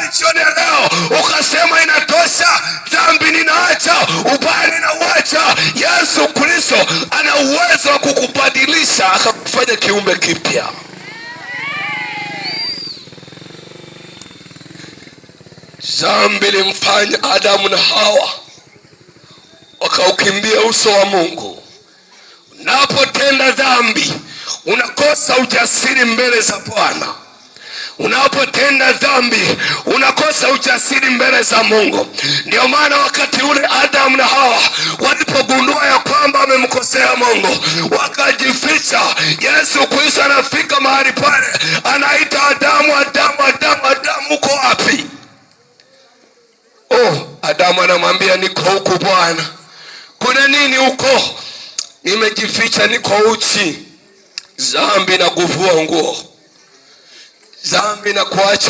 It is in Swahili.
mahali jioni ya leo ukasema inatosha, dhambi ninaacha, ubaya ninauacha. Yesu Kristo ana uwezo wa kukubadilisha akakufanya kiumbe kipya. zambi limfanya Adamu na Hawa wakaukimbia uso wa Mungu. Unapotenda dhambi unakosa ujasiri mbele za Bwana. Unapotenda dhambi ujasiri mbele za Mungu. Ndio maana wakati ule Adamu na Hawa walipogundua ya kwamba amemkosea Mungu wakajificha. Yesu Kristo anafika mahali pale, anaita Adamu, Adamu, Adamu, Adamu, uko wapi? Oh, Adamu anamwambia niko huku Bwana. Kuna nini huko? Nimejificha, niko uchi, zambi na kuvua nguo, zambi na kuacha